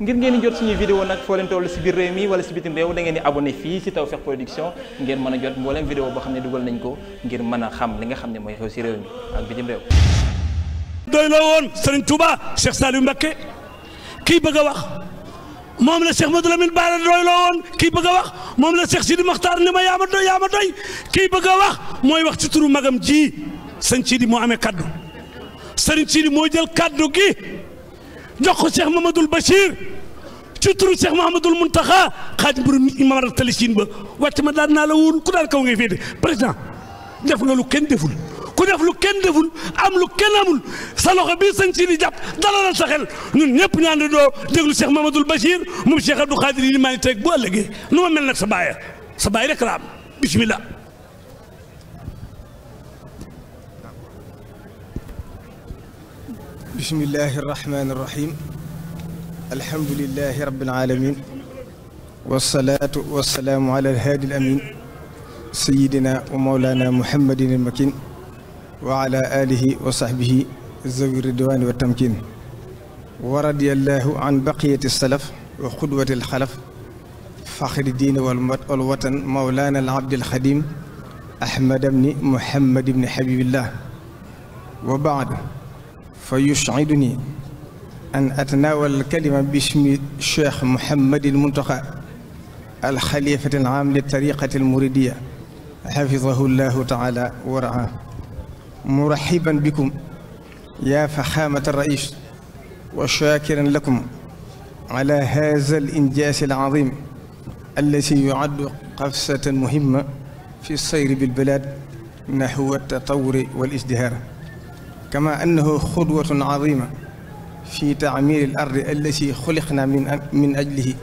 ngir ngeen di jot suñuy vidéo nag foo leen toll si biir réew mi wala si bitim réew da ngeen di abonné fii si Tawfekh Production ngeen mën a jot mbooleem vidéo boo xam ne dugal nañ ko ngir mën a xam li nga xam ne mooy xew si réew mi ak bitim réew doy la woon Serigne Touba Cheikh Saliou Mbacké kii bëgg a wax moom la Cheikh Madou Lamine Bara doy la woon kii bëgg wax moom la Cheikh Sidi Makhtar ni ma yaa ma doy yaa ma doy kii bëgg a wax mooy wax ci turu magam ji sëñ Sidi moo ame kaddu Serigne Sidi moo jël kaddu gi jox ko Cheikh Mamadul Bachir ci turu Cheikh Mahamadul Muntaxa xaaj mbirum imam ratali siin ba wàcc ma daan naa la woon ku daal kaw ngay féete président def nga lu kenn deful ku def lu kenn deful am lu kenn amul sa loxo bii sëñ si di jàpp dalal sa xel ñun ñëpp ñu ànd doo déglu Cheikh Mamadul Bachir moom Cheikh Abdou Khadir yi maa ngi teg bu ëllëgee nu ma mel nag sa baaya sa baay rekk la am bismillah bismillaahi rahmaani rahiim alhamdulillaahi rabbil aalamiin wassalaatu wassalaamu ala alhaadi alamiin sayyidina wa mawlaana muhammadin almakin wa ala aalihi wa sahbihi zawi ridwaani wa tamkin wa radiyallaahu an baqiyati salaf wa xudwati alxalaf faxri diine wal watan mawlaana al abdil xadiim ahmad bni muhammad bni habiibillah wa baad fa yushiduni an atanaawal kalima bismi cheikh Mouhamadil Mountakha alxalifati alaam li tariqati almuridiya xafidahu llahu taala wa raa muraxiban bikum yaa faxaamata rais wa shaakiran lakum ala haza alinjaas alazim allati yuaddu qafsatan muhimma fi sayri bilbalad naxwa altatauri walijdihaar kama annahu xudwatun azima fi taamiri al ardi allati xuliqna min min ajlihi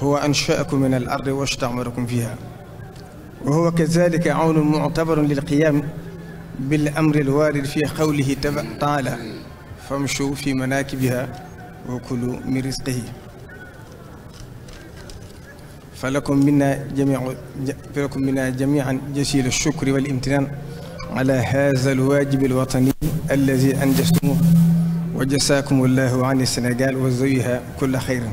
huwa anshaakum min al ardi wastamarakum fiha wa huwa kazalika awnun muctabarun lilqiyaam bil amri alwaarid fi qawlihi taala famshu fi manaakibiha wa kulu min risqihi falakum minna jamiican jasiilu shukri wal imtinaan ala haza alwajibi alwatani allazi anjastumu wa jasaakum allahu an sénégal wa zawiha kulla xeyrin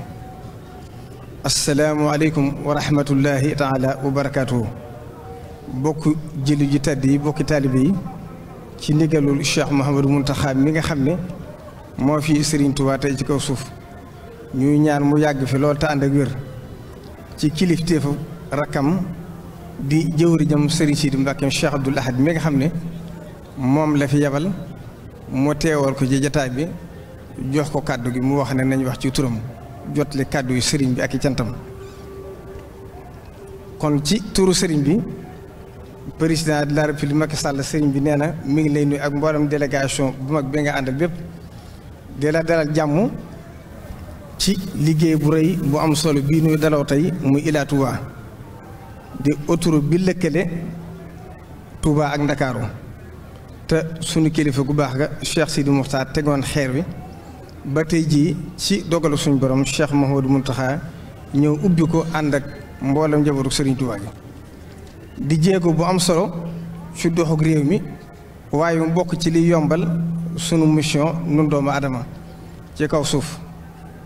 asalaamu aleykum wa rahmatullahi taala wa barakatuhu bokk jëli ji yi bokki taalibe yi ci ndigalul Cheikh Mouhamadou Mountakha mi nga xam ne moo fi Serigne Touba ci kaw suuf ñuy ñaan mu yàgg fi lool te ànd ak wér ci kilifteefu rakkam di jëwriñam sëriñ Sidi Mbàkke Cheikh Abdoul Ahad mi nga xam ne moom la fi yabal mu teewal ko ci jataay bi jox ko kàddu gi mu wax ne nañ wax ci turam jot jotle kàddu yi sëriñ bi ak i cantam kon ci turu sëriñ bi président de la li Macky Sall sëriñ bi nee na mi ngi lay nuyu ak mboolem délégation bu mag bi nga àndal bépp di la dalal jàmm ci liggéey bu rëy bu am solo bii nuy daloo tey mu Ila di autoroute bi lëkkale Touba ak Ndakaaru te suñu kilifa gu baax ga Cheikh Sidi Moukhtar tegoon xeer wi ba tey jii ci dogalu suñu borom Cheikh Mouhamadou Mountakha ñëw ubbi ko ànd ak mboolem njabootu Serigne Touba gi di jéego bu am solo ci doxug réew mi waaye mu bokk ci li yombal sunu mission nun doomu adama ci kaw suuf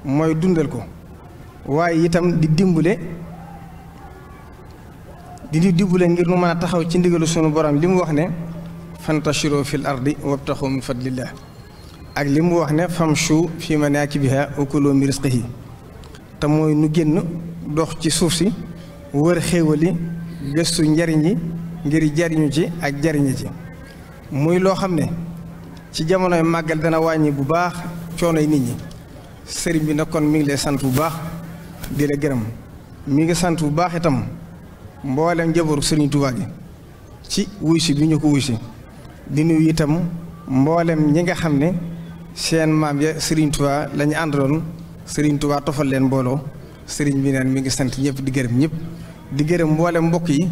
mooy dundal ko waaye itam di dimbale di ñu dimbale ngir nu mën a taxaw ci ndigalu sunu borom li mu wax ne fantashiro fil ardi wabtaxu min fadlillah ak li mu wax ne famshu fi manakibiha wa kulu min rizqihi te mooy nu génn dox ci suuf si wër xéewali gëstu njariñ yi ngir jariñu ci ak jariñu ci muy loo xam ne ci jamonoy màggal dana wàññi bu baax coonoy nit ñi sëriñ bi na kon mi ngi lay sant bu baax di la gërëm mi ngi sant bu baax itam mboolem njabootu Serigne Touba gi ci wuy bi ñu ko wuy di nuyu itam mboolem ñi nga xam ne seen maam ya Serigne Touba lañu ñu àndaloon Serigne Touba tofal leen mbooloo sëriñ bi neen mi ngi sant ñëpp di gërëm ñëpp di gërëm mboolem mbokk yi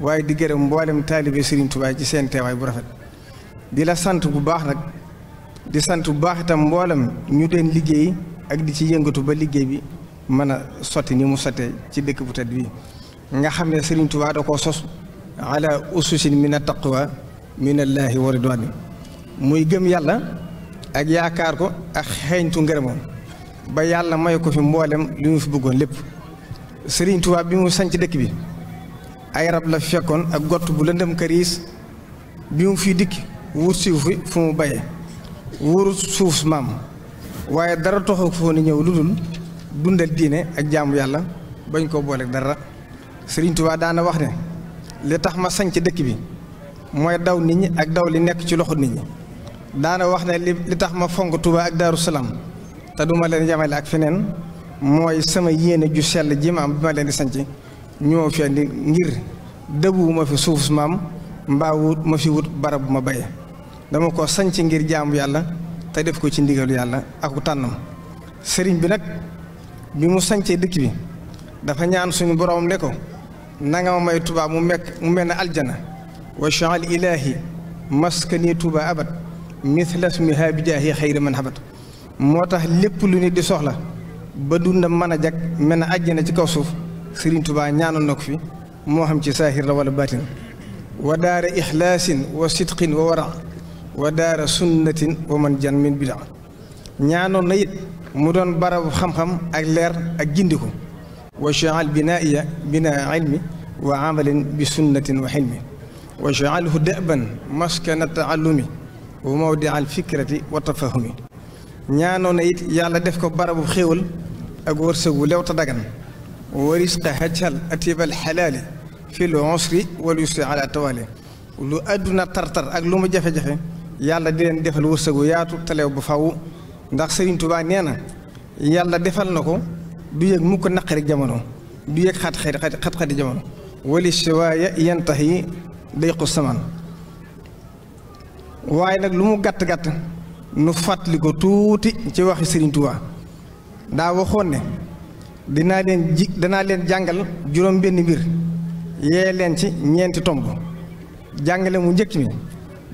waaye di gërëm mboolem taalibe Serigne Touba ci seen teewaay bu rafet di la sant bu baax nag di sant bu baax itam mboolem ñu deen liggéey ak di ci yëngatu ba liggéey bi mën a sotti ni mu sottee ci dëkk bu tedd nga xam ne Serigne Touba da koo sos ala ususin min at-taqwa min allaahi wa ridwani muy gëm yàlla ak yaakaar ko ak xeeñtu ngërëmam ba yàlla may ko fi mboolem li mu fi bëggoon lépp Serigne Touba bi mu sanc dëkk bi ay rab la fekkoon ak gott bu lëndëm këriis bi mu fi dikk wut suuf fu mu baye wurut suuf maam waaye dara toxu foo ni ñëw lu dul dundal diine ak jaamu yàlla bañ koo booleeg dara Serigne Touba daana wax ne li tax ma sañ dëkk bi mooy daw nit ñi ak daw li nekk ci loxo nit ñi daana wax ne li li tax ma fonk Touba ak Daaru Salaam te duma leen jamale ak feneen mooy sama yéene ju sell ji ma am bi ma leen di sanc ñoo fi andi ngir dëbuwuma fi suuf maam mbaa wut ma fi wut barab ma baye dama ko sanc ngir jaamu yàlla te def ko ci ndigalu yàlla aku tànnam sëriñ bi nag bi mu sancee dëkk bi dafa ñaan suñu borom ne ko nanga ma may Tuubaa mu mekk mu mel aljana wa chaal ilaahi maskani Tuubaa abat mithlas mi haabijaahi xayri man habat moo tax lépp lu nit di soxla ba dunda mën a jag mel ne aljana ci kaw suuf Sëriñ Tuubaa ñaanal na ko fi moo xam ci saahir la wala baatin wa daara ixlaasin wa sidqin wa wara wa daara sunnatin wa man jan min bidaa ñaanoon na it mu doon barabu xam-xam ak leer ak jindi ko واجعل بنائي بناء علم وعمل بسنة وحلم واجعله دأبا مسكن التعلم وموضع الفكرة والتفهم ñaanoon it yàlla def ko barabu xéwal ak wërsëgu lew ta dagan wa risqa hajjal atibal xalaali fi lu usri wal yusri ala tawali lu àdduna tartar ak lu mu jafe-jafe yàlla di leen defal wërsëgu yaatu talew bu faw ndax Sëriñ Tuubaa nee na yàlla defal na ko du yëg mukk naqari jamono du yëg xat xat-xati jamono wali siwaaya yantahi dayqu saman waaye nag lu mu gàtt-gàtt nu fàttali ko tuuti ci waxi Sëriñ Tuubaa daa waxoon ne dinaa leen ji danaa leen jàngal juróom mbir yee leen ci ñeenti tomb jàngale mu njëkk mi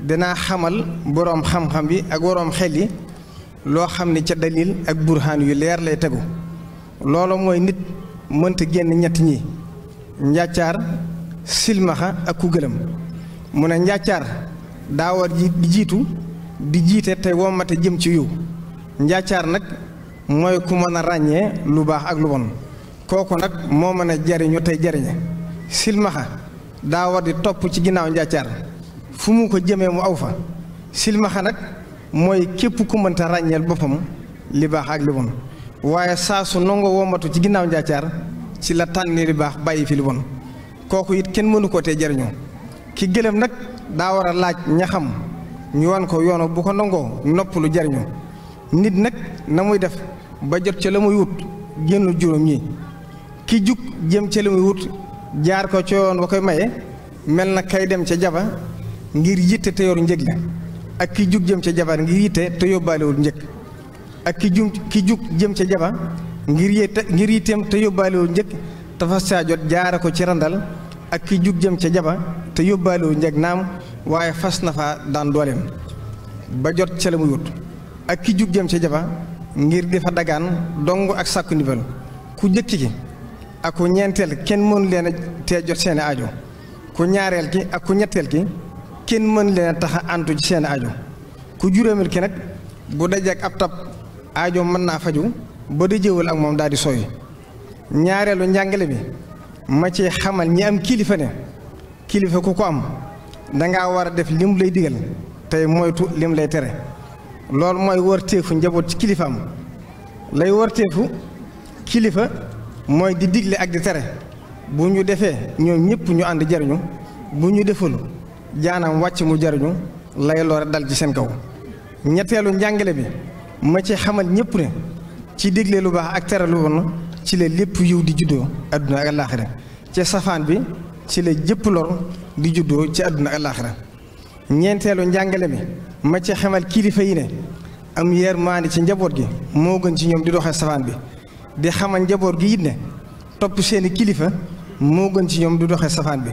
danaa xamal boroom xam-xam bi ak woroom xel yi loo xam ne ca dalil ak burhaan yu leer lay tegu loolu mooy nit mënta génn ñett ñi njàccaar silmaxa ak ku gëlëm mu ne njàccaar daa war ji di jiitu di jiite tey wommate jëm ci yow njàccaar nag mooy ku mën a ràññee lu baax ak lu bon kooku nag moo mën a jariñu tey jariñe silmaxa daa war di topp ci ginnaaw njàccaar fu mu ko jëmee mu aw fa silmaxa nag mooy képp ku mënta ràññeel boppam li baax ak li bon waaye saa su nangoo wommatu ci ginnaaw njaacaar ci la tànni lu baax bàyyi fi lu bon kooku it kenn mënu koo tee jariñoo ki gëlëm nag daa war a laaj ñaxam ñu wan ko yoonu bu ko nangoo nopp lu jariñoo nit nag na muy def ba jot ca la muy wut génn juróom ñi ki jug jëm ca la muy wut jaar ko ca yoon wa koy maye mel na kay dem ca jabar ngir yitte te yor njëg la ak ki jug jëm ca jabar ngir yitte te yóbbaalewul njëg ak ki jum ki jug jëm ca jaba ngir yee ngir yitteem te yóbbaalewoo njëkk tafa saa jot jaara ko ci randal ak ki jug jëm ca jaba te yóbbaalewoo njëg naam waaye fas na fa daan dooleem ba jot ca la muy ak ki jug jëm ca jaba ngir di fa dagaan dong ak sàkku ndimbal ku jëkk ki ak ku ñeenteel kenn mënu leen a tee jot seeni aajo ku ñaareel ki ak ku ñetteel ki kenn mënu leen a tax ci seeni aajo ku juróomeel ki nag bu dajeek ab tab aajo mën naa faju ba di jëwal ak moom daal di sooy ñaareelu njàngale bi ma ci xamal ñi am kilifa ne kilifa ku ko am danga war a def lim lay digal tey moytu lim lay tere loolu mooy warteefu njaboot ci kilifaam lay warteefu kilifa mooy di digle ak di tere bu ñu defee ñoom ñëpp ñu ànd jariñu bu ñu deful jaanam wàcc mu jariñu lay lore dal ci seen kaw ñetteelu njàngale bi ma ci xamal ñëpp ne ci digle lu baax ak tere lu ci la lépp yiw di juddoo adduna ak àllaaxira ci safaan bi ci la jëpp lor di juddoo ci àdduna ak àllaaxira ñeenteelu njàngale mi ma ci xamal kilifa yi ne am yërmaande ci njaboot gi moo gën ci ñoom di doxee safaan bi di xamal njaboot gi it ne topp seeni kilifa moo gën ci ñoom di doxee safaan bi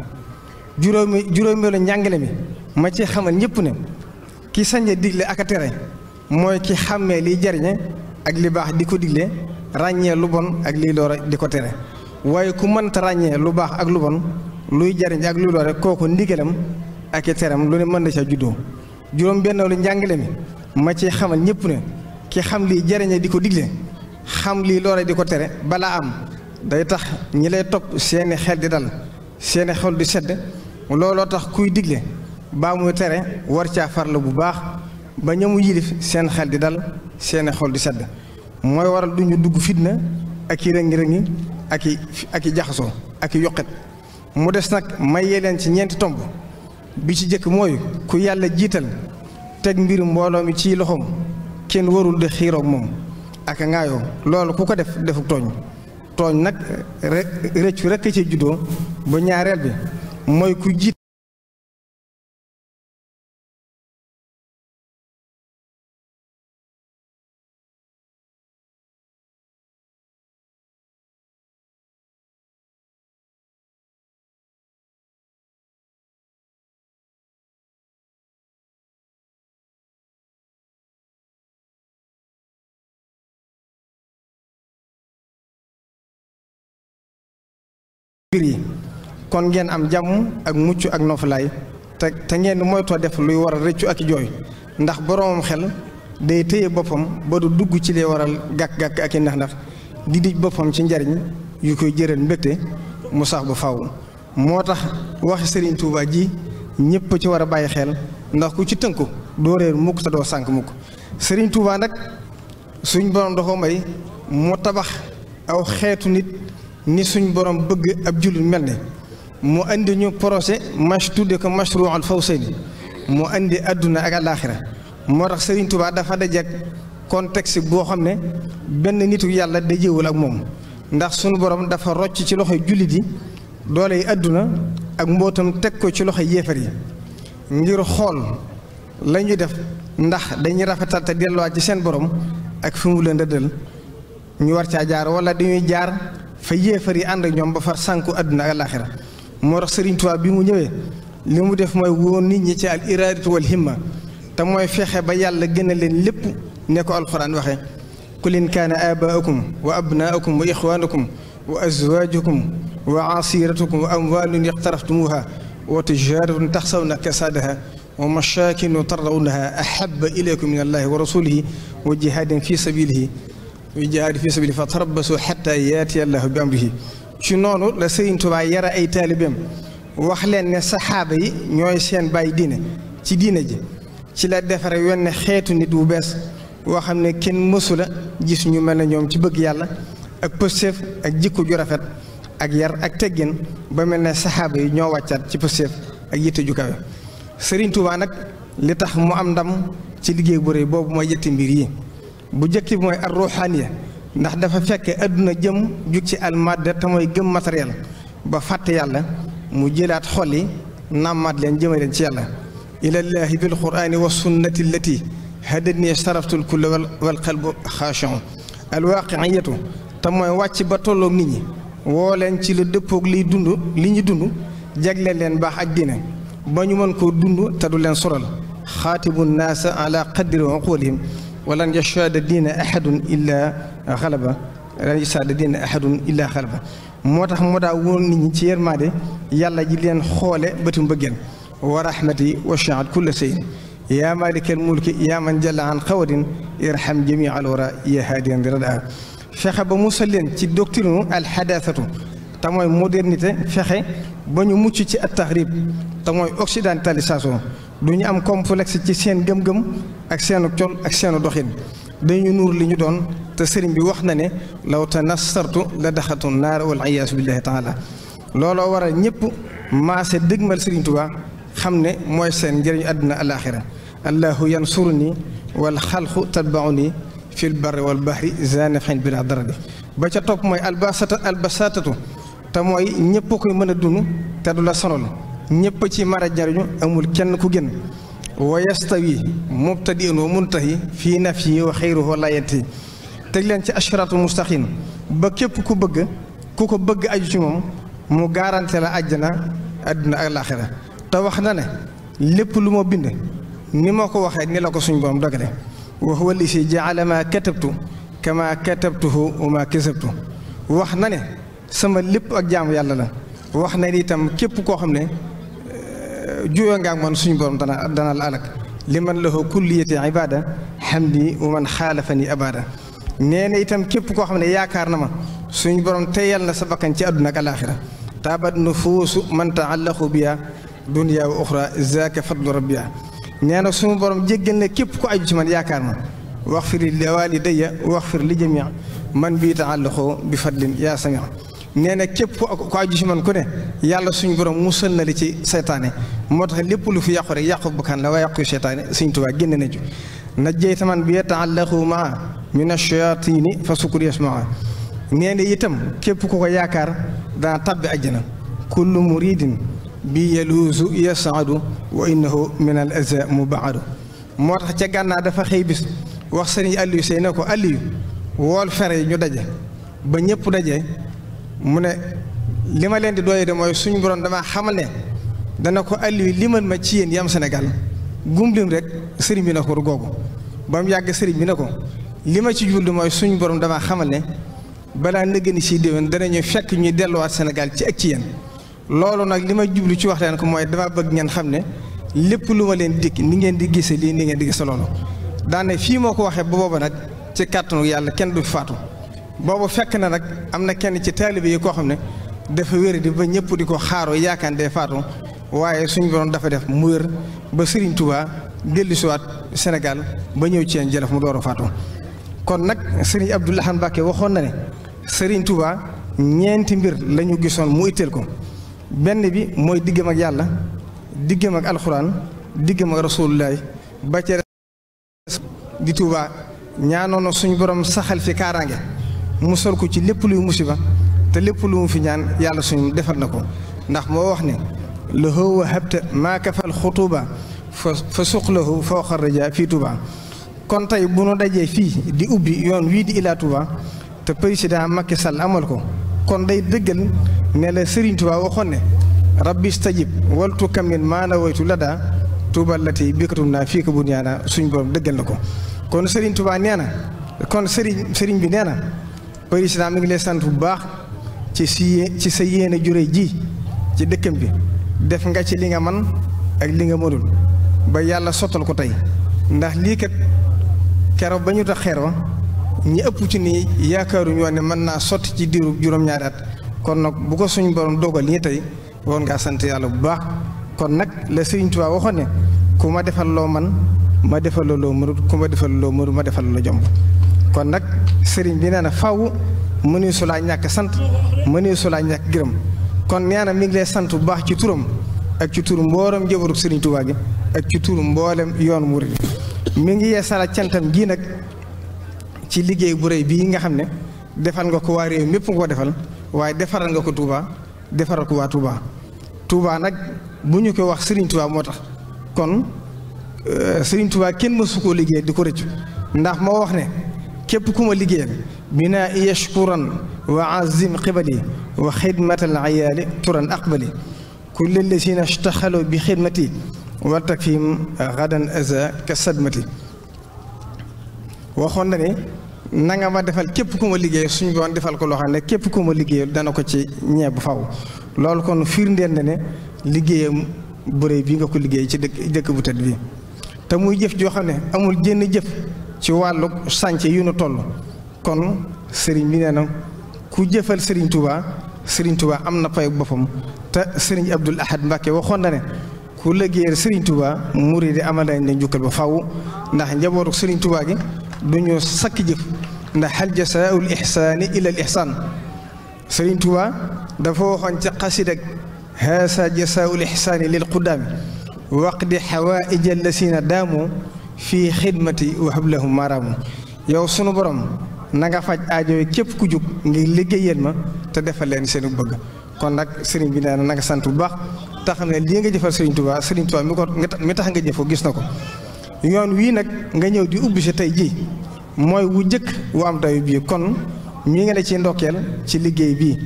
juróomi juróomeelu njàngale mi ma ci xamal ñëpp ne ki sañ a digle ak a tere mooy ci xàmmee liy jariñe ak li baax di ko digle ràññee lu bon ak liy doore di ko tere waaye ku mënta ràññee lu baax ak lu bon luy jariñ ak luy doore kooku ndigalam ak i teram lu ne mën na ca juddoo juróom benn lu njàngale mi ma ci xamal ñëpp ne ki xam liy jariñe di ko digle xam liy doore di ko tere balaa am day tax ñi lay topp seeni xel di dal seeni xol di sedd looloo tax kuy digle baa muy tere war caa farla bu baax ba ñamu yilif seen xel di dal seeni xol di sedd mooy waral du ñu dugg fitna ak i rëngi-rëngi ak i ak i jaxasoo ak i yoqet mu des nag mayee leen ci ñeenti tomb bi ci jëkk mooy ku yàlla jiital teg mbir mbooloo mi ci loxoom kenn warul di xiiroog moom ak a ŋaayoo loolu ku ko def defuk tooñ tooñ nag rëccu rekk ci juddoo ba ñaareel bi mooy ku jiit kon ngeen am jàmm ak mucc ak noflaay te te ngeen moytoo def luy waral rëccu ak jooy ndax boroomam xel day téye boppam ba du dugg ci lee waral gàkk-gàkk ak i ndax-ndax di dij boppam ci njariñ yu koy jëral mbégte mu sax bu faaw moo tax waxi sëriñ Touba ji ñëpp ci war a bàyyi xel ndax ku ci tënku doo réer mukk te doo sànk mukk Serigne Touba nag suñ borom doxoo may mu tabax aw xeetu nit ni suñ borom bëgg ab jullit mel ne mu andi ñu projet mach tudde ko mashruu al fawsayni moo indi àdduna ak àllaaxira moo tax sëriñ Touba dafa dajeek contexte boo xam ne benn nitu yàlla dajewul ak moom ndax sunu borom dafa rocc ci loxo jullit yi doole yi àdduna ak mbootam teg ko ci loxo yéefar yi ngir xool la ñu def ndax dañuy rafetal te delluwaat ci seen borom ak fi mu leen dëddal ñu war caa jaar wala dañuy jaar fa yéefar yi ànd ak ñoom ba far sànku àdduna ak àllaaxira moo tax Serigne Touba bi mu ñëwee li mu def mooy wóor nit ñi ci al iraadatu wal himma te mooy fexe ba yàlla gën a leen lépp ne ko alxuraan waxe qul in kaana aabaa'ukum wa abnaa'ukum wa ixwaanukum wa azwaajukum wa asiiratukum wa amwaalun iqtaraftumuuha wa tijaaratun taxsawna kasaadaha wa masaakin tardawnaha ahabba ilaykum min allahi wa rasulihi wa jihaadin fi sabilihi wa jihaadin fi sabilihi fa tarabbasu xatta yaatiya allahu bi amrihi ci noonu la Sëriñ Tuubaa yara ay taalibeem wax leen ne saxaaba yi ñooy seen bàyyi diine ci diine ji ci la defare wenn xeetu nit wu bees woo xam ne kenn mësula gis ñu mel ne ñoom ci bëgg yàlla ak pëstéef ak jikko ju rafet ak yar ak teggin ba mel ne saxaaba yi ñoo wàccaat ci pëstéef ak yitte ju kawe nag li tax mu am ndam ci liggéey bu rëy boobu mooy yetti mbir yi bu jëkk bi mooy ar ruuxaaniya ndax dafa fekk àdduna jëm jug ci almadda te mooy gëm matériel ba fàtte yàlla mu jëlaat xolli yi nàmmaat leen jëma leen ci yàlla ilallaahi bil quraani wa sunnati allati hadatni saraftul kulla wal qalbu xaachon alwaaqiiyatu te mooy wàcc ba tolloog nit ñi woo leen ci la dëppoog liy dund li ñu dund jegle leen baax ak diine ba ñu mën ko dund te du leen soral xaatibu naasa ala qadri uqulihim walan yashhaada diina ahadun illaa xalaba walan yashhaada diina ahadun illaa xalaba moo tax moo daa woon nit ñi ci yërmaande yàlla ji leen xoole bëtu mbëggeel wa rahmati wasi'at kulla shay'in yaa maalikal mulki yaa man jalla an xawadin irham jamii al wara yaa haadiyan fexe ba musal leen ci doctrine alxadaasatu te mooy fexe ba ñu mucc ci at taxrib te mooy occidentalisation du ñu am comme complexe ci seen gëm-gëm ak seenu col ak seenu doxin dañu nuur li ñu doon te sëriñ bi wax na ne law tanassartu la daxatu naara wal iyaasu billahi taala looloo waral ñëpp maase dëgmal sëriñ Tuubaa xam ne mooy seen njëriñu àdduna alaaxira allahu yansuruni wal xalqu tatbauni fil barri wal bahri zanifin bi dara bi ba ca topp mooy albasata albasatatu te mooy ñëpp koy mën a dund te du la sonal ñépp a ci mara jariñu amul kenn ku génn wa yastawi mubtadi'un wa muntahi fii nafyi wa xayruhu la yantahi teg leen ci ashratul mustaqim ba képp ku bëgg ku ko bëgg aju ci moom mu garanté la àjjana àdduna ak laaxira te wax na ne lépp lu ma bind ni ma ko waxee ni la ko suñ borom dogale wa huwa lisi jaala ma katabtu kama katabtuhu wa ma kasabtu wax na ne sama lépp ak jaamu yàlla la wax na itam képp koo xam ne juyoo ngaa man suñu borom dana dana la li man lahu kulliyati ibada hamdi wa man xaalafani abada nee na itam képp koo xam ne yaakaar na ma suñu borom teyal na sa bakkan ci àdduna ak alaaxira taabat nufuusu man taallaqu biya dunya wa uxra zaaka fadlu rabbiya nee na suñu borom jéggal na képp ko aju ci man yaakaar ma waxfir li wax waxfir li jamii man bii taallaqu bi fadlin yaa samia nee na képp ku ku aju si man ku ne yàlla suñu borom musal na li ci seytaane moo tax lépp lu fi yàqu rek yàqu bakkan la waaye yàqu seytaane Sëriñ Tuubaa génn na ju najjayta man bi yata'allaqu maa mina shayaatini fa sukkur yasmaa nee na itam képp ku ko yaakaar dana tabbi àjjana kullu muridin bi yaluusu yasaadu wa innahu min al aza moo tax ca gànnaa dafa xëy bis wax sëriñ Aliou Sey ne ko Aliou wool fere yi ñu daje ba ñëpp daje mu ne li ma leen di doy de mooy suñu borom damaa xamal ne dana ko alliwi limal ma ci yéen yam Sénégal gumlim rek sëriñ bi na ko googu ba mu yàgg sëriñ bi na ko li ma ci julli mooy suñu borom damaa xamal ne balaa nëgëni si déwén danañu fekk ñuy delluwaat Sénégal ci ak ci yéen loolu nag li ma jublu ci wax leen ko mooy dama bëgg ngeen xam ne lépp lu ma leen dikk ni ngeen di gise lii ni ngeen di gise loolu daane fii moo ko waxee ba booba nag ci kàttanu yàlla kenn du faatu boobu fekk na nag am na kenn ci taalibe yi koo xam ne dafa wér di ba ñëpp di ko xaaroo yaakaar ne day faatu waaye suñu borom dafa def mu wér ba Serigne Touba dellusiwaat senegal ba ñëw ci Jolof mu door a kon nag Serigne Abdou Lahad waxoon na ne Serigne Touba ñeenti mbir lañu gisoon mu itteel ko benn bi mooy diggam ak yàlla diggam ak alxuraan diggam ak rasuulullaay ba ca di Touba ñaanoon na suñu borom saxal fi kaaraange. musal ko ci lépp luy musiba te lépp lu mu fi ñaan yàlla suñu defal na ko ndax moo wax ne la hëwa habta maa kafal xutuba fa fa suqlahu fawqa raja fii kon tey bu nu dajee fii di ubbi yoon wii di Ila Touba te président Macky Sall amal ko kon day dëggal ne la Serigne Touba waxoon ne rabbi stajib waltu kamin maana woytu lada Touba lati bikatum naa fii ko bu ñaana suñ borom dëggal na ko kon Serigne Touba nee na kon Serigne Serigne bi nee na président mi ngi lay sant bu baax ci si ci sa yéene jure ji ci dëkkam bi def nga ci li nga man ak li nga mënul ba yàlla sottal ko tey ndax lii kat keroog ba ñu tax xeer wa ñi ëpp ci nii yaakaaruñu wax ne mën naa sotti ci diiru juróom-ñaari kon nag bu ko suñ borom dogal nii tey woon ngaa sant yàlla bu baax kon nag la Sëriñ Tuubaa waxoon ku ma defal loo man ma defal loo mënul ku ma defal loo mënul ma defal la jomb kon nag sëriñ bi nee na faw mënee su laa ñàkk sant mënee su laa ñàkk gërëm kon nee na mi ngi lay sant bu baax ci turam ak ci turu mboolem jëbaru sëriñ Tuubaa gi ak ci tur mboolem yoon murid mi ngi yeesala cantam gii nag ci liggéey bu rëy bii nga xam ne defal nga ko waa réew mépp nga ko defal waaye defaral nga ko Touba defaral ko waa Touba Touba nag bu ñu ko wax Serigne Touba moo tax kon euh, sëriñ Touba kenn mësu koo liggéey di ko rëccu ndax moo wax ne képp ku ma liggéeyal binaa yashkuran wa azim qibali wa xidmatal ayaali turan aqbali kulli lazina ishtaxalu bi xidmati wa takfim gadan aza ka sadmati waxoon na ne na nga ma defal képp ku ma liggéeyal suñu boon defal ko loo xam ne képp ku ma liggéeyal dana ko ci ñeeb faw loolu kon firndeel na liggéeyam bu réy bi nga ko liggéey ci dëkk dëkk bu tedd bi te muy jëf joo ne amul jënn jëf ci wàllu sànce yu nu toll kon sëriñ bi nee na ku jëfal sëriñ Touba sëriñ Touba am na payu boppam te sëriñ Abdul Ahad Mbàkke waxoon na ne ku liggéeyal sëriñ Touba muri di amal nañ ba faw ndax njabootu sëriñ Touba gi du ñu sakki jëf ndax hal jasaa'ul ihsaani illa ihsaan sëriñ Touba dafa waxoon ci xasid ak haasa jasaa'ul ihsaani lil quddaami waqdi xawaa'ija lasina daamu fii xidmati wa hablahum maaraamu yow sunu borom na nga faj aajo képp ku jug ngir liggéeyal ma te defal leen seen bëgg kon nag sëriñ bi nee na nga sant bu baax te xam ne lii nga jëfal sëriñ Tuubaa sëriñ Tuubaa mi ko mi tax nga jëfoo gis na ko yoon wii nag nga ñëw di ubbi si tey ji mooy wu jëkk wu am dayu bii kon mii ngi la ci ndokkeel ci liggéey bi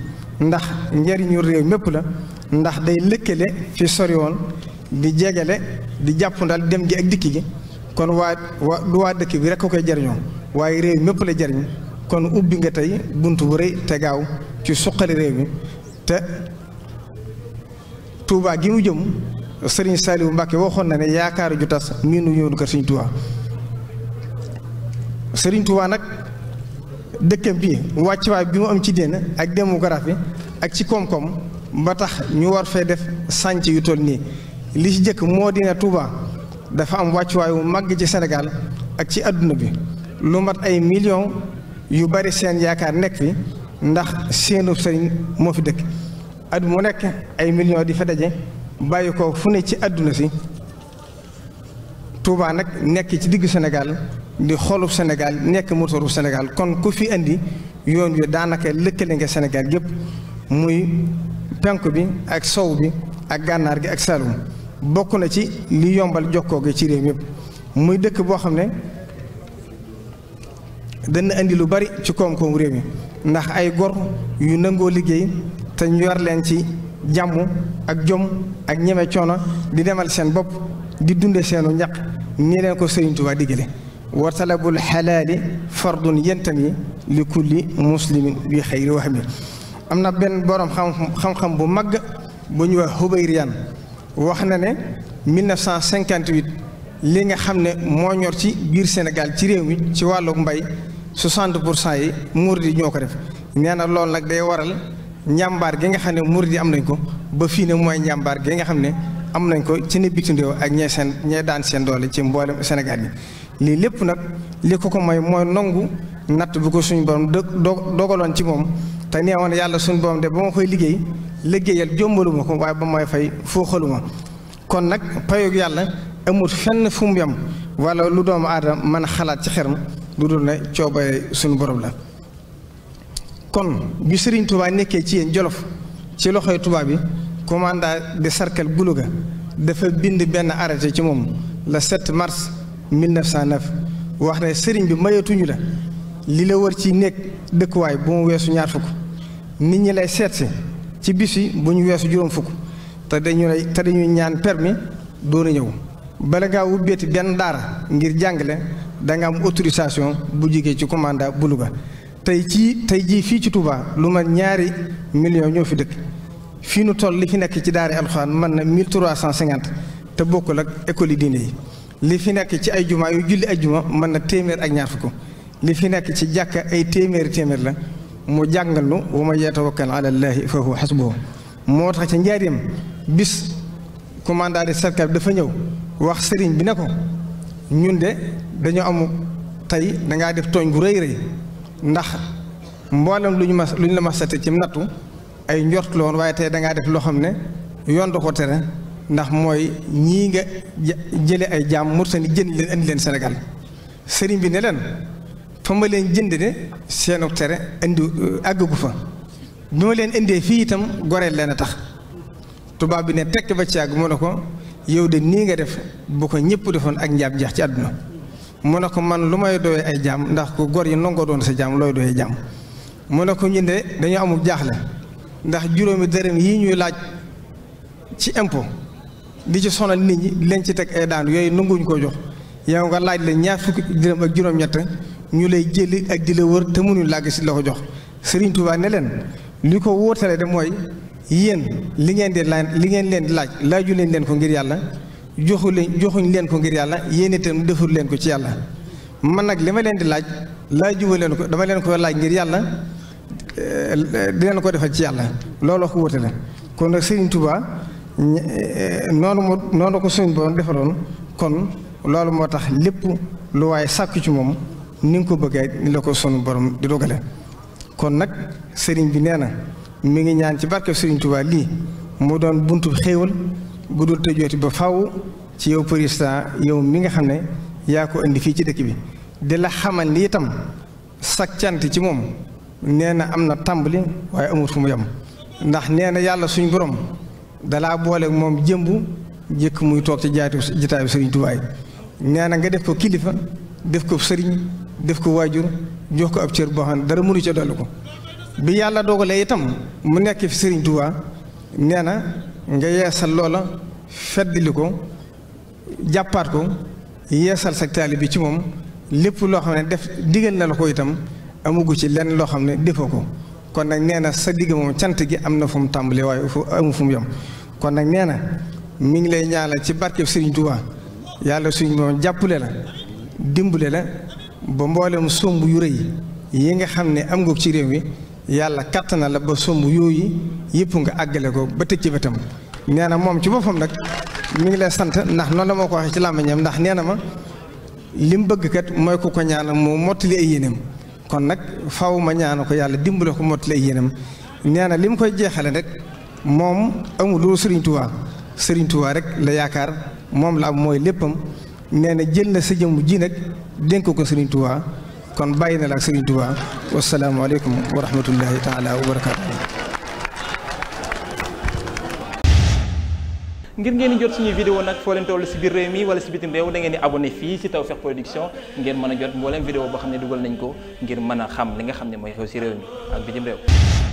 ndax njariñu réew mépp la ndax day lëkkale fi sori woon di jegale di jàpp ndal dem gi ak dikk gi kon waa du waa dëkk bi rek koy jariñoo waaye réew mépp la jariñ kon ubbi nga tey bunt bu rëy te gaaw ci suqali réew mi te Touba gi mu jëm Serigne Saliou Mbacke waxoon na ne yaakaar ju tas miinu ñëwul kër Serigne Touba Serigne Touba nag dëkkam bi wàccuwaay bi mu am ci dénn ak démographie ak ci koom-koom ba tax ñu war fee def sànc yu toll nii li ci jëkk moo dina Touba. dafa am wàccuwaay wu màgg ci Sénégal ak ci àdduna bi lu mat ay millions yu bari seen yaakaar nekk fi ndax seenu sëriñ moo fi dëkk at mu nekk ay millions di fa daje bàyyi ko fu ne ci àdduna si Touba nag nekk ci diggu Sénégal di xoolu Sénégal nekk motoru Sénégal kon ku fi indi yoon wi daanaka lëkkale nga Sénégal gépp muy penk bi ak sow bi ak gànnaar gi ak Saloum bokk na ci li yombal jokkoo ci réew yëpp muy dëkk boo xam ne dana indi lu bari ci koom-koomu réew mi ndax ay gor yu nangoo liggéey te yor leen ci jàmm ak jom ak ñeme coono di demal seen bopp di dunde seenu ñaq nii leen ko Sëriñ Tuubaa diggale wa talabul xalaali fardun yentami li kulli muslimin bi xayri wax mi am na benn borom xam xam bu mag bu ñu wax Hubayriyaan wax na ne 1958 li nga xam ne moo ñor ci biir Sénégal ci réew mi ci wàllu mbay 60 pour cent yi murid ñoo ko def nee na loolu nag day waral njàmbaar gi nga xam ne murid am nañ ko ba fii ne mooy njàmbaar gee nga xam ne am nañ ko ci ne bitim ak ñee seen ñee daan seen doole ci mboolem Sénégal yi lii lépp nag li ko ko may mooy nongu natt bu ko suñu borom dogaloon ci moom. te nee woon yàlla suñu boom de ba ma koy liggéey liggéeyal jombalu ko waaye ba may fay fooxalu ma kon nag payug yàlla amut fenn fu mu yem wala lu doomu aadama mën a xalaat ci xeram lu dul ne coobare suñu borom la kon bi Serigne Touba nekkee ci yéen Jolof ci loxoy tubaab bi commandant de cercle bu Louga dafa bind benn arrêté ci moom le 7 mars 1909 wax ne Serigne bi mayatuñu la li la wër ci nekk dëkkuwaay bu mu weesu ñaar fukk nit ñi lay seetsi ci bis yi bu ñu weesu juróom fukk te dañu te dañuy ñaan permis doon a ñëw bala ngaa wubbeeti benn daara ngir jàngale danga am autorisation bu jógee ci commanda bu Louga tey ci tey jii fii ci Touba lu ma ñaari million ñoo fi dëkk fii nu toll li fi nekk ci daara alxuraan mën na mille trois cent cinquante te bokkul ak école yi diine yi li fi nekk ci ay jumaa yu julli ay juma mën na téeméer ak ñaar ko li fi nekk ci jàkk ay téeméeri téeméer la mu jàngal nu wa man yatawakkal ala llaahi fa moo tax ca njaareem bis commandant de bi dafa ñëw wax sëriñ bi ne ko ñun de dañoo amu tey dangaa def tooñ gu rëy rëy ndax mboolem lu ñu mas lu ñu la masate ci nattu ay njort la woon waaye tey dangaa def loo xam ne yoon da ko tere ndax mooy ñii nga jële ay jaam mursani jën leen indi leen senegal sëriñ bi ne leen fa leen jënd de seenu tere indi àggagu fa bi ma leen indee fii itam goreel leen a tax tubaab bi ne tekk ba caag mu ne ko yow de nii nga def bu ko ñëpp defoon ak njaab jeex ci àdduna mu ne ko man lu may doyee ay jaam ndax ko gor yi nangoo doon sa jaam looy doyee jaam mu ne ko ñun de dañoo amul jaaxle ndax juróomi dërëm yi ñuy laaj ci impôt di ci sonal nit ñi leen ci teg ay daan yooyu nanguñ koo jox yow nga laaj la ñaar fukki dërëm ak juróom-ñett ñu lay jëli ak di la wër te mënuñu làgg si la ko jox sëriñ Touba ne leen li ko wóotale de mooy yéen li ngeen di laaj li ngeen leen di laaj laaju leen leen ko ngir yàlla joxu leen joxuñ leen ko ngir yàlla yéen itam deful leen ko ci yàlla man nag li ma leen di laaj laajuwa leen ko dama leen ko laaj ngir yàlla eh, di ko defal ci yàlla looloo ko wóotale kon nag Serigne Touba eh, noonu moo noonu ko suñ borom defaloon kon loolu moo tax lépp lu waaye sàkku ci moom ni nga ko bëggee ni la ko sunu borom di dogale kon nag sëriñ bi nee na mi ngi ñaan ci barke sëriñ Tuubaa lii mu doon buntu xéewal bu dul tëjooti ba faw ci yow président yow mi nga xam ne yaa ko indi fii ci dëkk bi di la xamal ni itam sag ci moom nee na am na tàmbali waaye amut fu mu yem ndax nee na yàlla suñu borom dalaa boole moom jëmb jëkk muy toog ci jaatu jitaayu sëriñ Tuubaa nee na nga def ko kilifa def ko sëriñ def ko waajur jox ko ab cër boo xam ne dara mënu ca dolli ko bi yàlla dogalee itam mu nekk fi Sëriñ Tuubaa nee na nga yeesal loola feddli ko jàppaat ko yeesal sa taali bi ci moom lépp loo xam ne def digal na la ko itam amugu ci lenn loo xam ne defoo ko kon nag nee na sa digg moom cant gi am na fu mu tàmbalee waaye fu amu fu mu yem kon nag nee na mu ngi lay ñaanal ci barkeb Sëriñ Tuubaa yàlla suñ moom jàppale la dimbale la ba mboolem somb yu rëy yi nga xam ne am nga ci réew yi yàlla katt na la ba somb yooyu yëpp nga àggale ko ba tëj ci bëtam nee na moom ci boppam nag mi ngi lay sant ndax noonu la ma ko waxee ci làmbañam ndax nee na ma li mu bëgg kat mooy ko ko ñaanal moo mottali ay yéenam kon nag faw ma ñaana ko yàlla dimbale ko mottali ay yéenam nee na li mu koy jeexale rek moom amul loolu Serigne Touba rek la yaakaar moom la am mooy léppam. nee na jël na si jëmm ji nag dénk ko Serigne Touba kon bàyyi na la ak Serigne Touba wasalaamualeykum wa rahmatullahi taala wa barakaatu. ngir ngeen di jot suñuy vidéo nag foo leen toll si biir réew mi wala si bitim réew da ngeen di abonné fii si Tawfekh Production ngeen mën a jot mbooleem vidéo boo xam ne dugal nañ ko ngir mën a xam li nga xam ne mooy xew si réew mi ak bitim réew